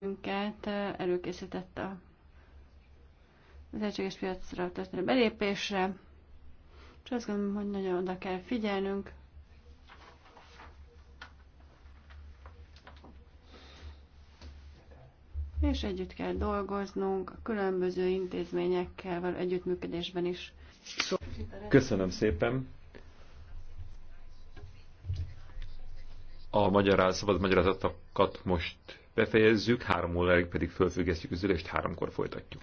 minket előkészített a az egységes piacra történő belépésre, és azt gondolom, hogy nagyon oda kell figyelnünk. És együtt kell dolgoznunk a különböző intézményekkel való együttműködésben is. Köszönöm szépen! A magyar szabad magyarázatokat most befejezzük, három óráig pedig fölfüggesztjük az ülést, háromkor folytatjuk.